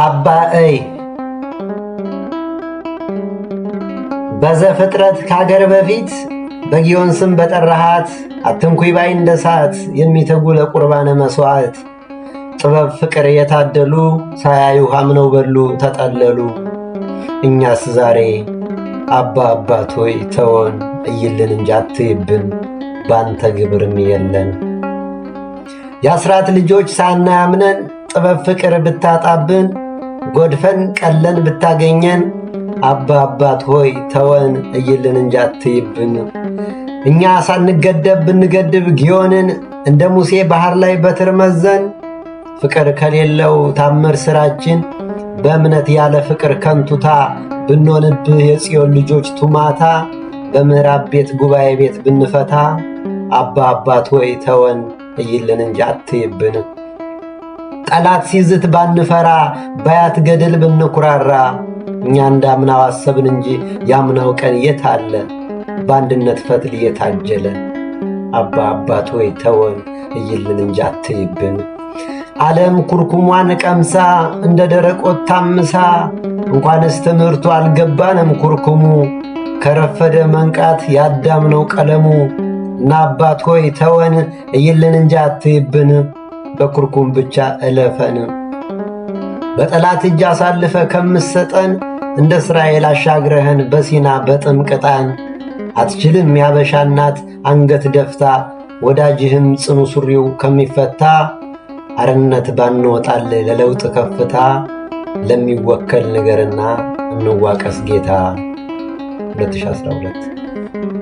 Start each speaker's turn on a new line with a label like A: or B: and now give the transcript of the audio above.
A: አባእይ በዘፍጥረት ከሀገር በፊት በጊዮን ስም በጠራሃት አትንኩይ ባይ እንደ ሰዓት የሚተጉ ለቁርባነ መሥዋዕት ጥበብ ፍቅር የታደሉ ሳያዩ አምነው በሉ ተጠለሉ። እኛስ ዛሬ አባ አባት ሆይ ተወን እይልን እንጂ አትይብን ባንተ ግብርም የለን የአስራት ልጆች ሳናያምነን ጥበብ ፍቅር ብታጣብን፣ ጎድፈን ቀለን ብታገኘን፣ አባ አባት ሆይ ተወን እይልን እንጂ አትይብን። እኛ ሳንገደብ ብንገድብ ጊዮንን እንደ ሙሴ ባህር ላይ በትር መዘን፣ ፍቅር ከሌለው ታምር ስራችን በእምነት ያለ ፍቅር ከንቱታ ብንሆንብህ የጽዮን ልጆች ቱማታ በምዕራብ ቤት ጉባኤ ቤት ብንፈታ አባ አባት ሆይ ተወን እይልን እንጂ አትይብን። ጠላት ሲዝት ባንፈራ፣ ባያት ገደል ብንኩራራ፣ እኛ እንዳምናው አሰብን እንጂ ያምናው ቀን የት አለ በአንድነት ፈትል የታጀለ። አባ አባት ወይ ተወን እይልን እንጂ አትይብን። ዓለም ኩርኩሟን ቀምሳ እንደ ደረቆት ታምሳ፣ እንኳንስ ትምህርቱ አልገባንም ኩርኩሙ ከረፈደ መንቃት ያዳምነው ቀለሙ። እና አባት ሆይ ተወን እይልን እንጂ አትይብን። በኩርኩም ብቻ እለፈን። በጠላት እጅ አሳልፈ ከምሰጠን እንደ እስራኤል አሻግረህን በሲና በጥም ቅጣን። አትችልም ያበሻ እናት አንገት ደፍታ ወዳጅህም ጽኑ ሱሪው ከሚፈታ አርነት ባንወጣል ለለውጥ ከፍታ ለሚወከል ነገርና እንዋቀስ ጌታ 2012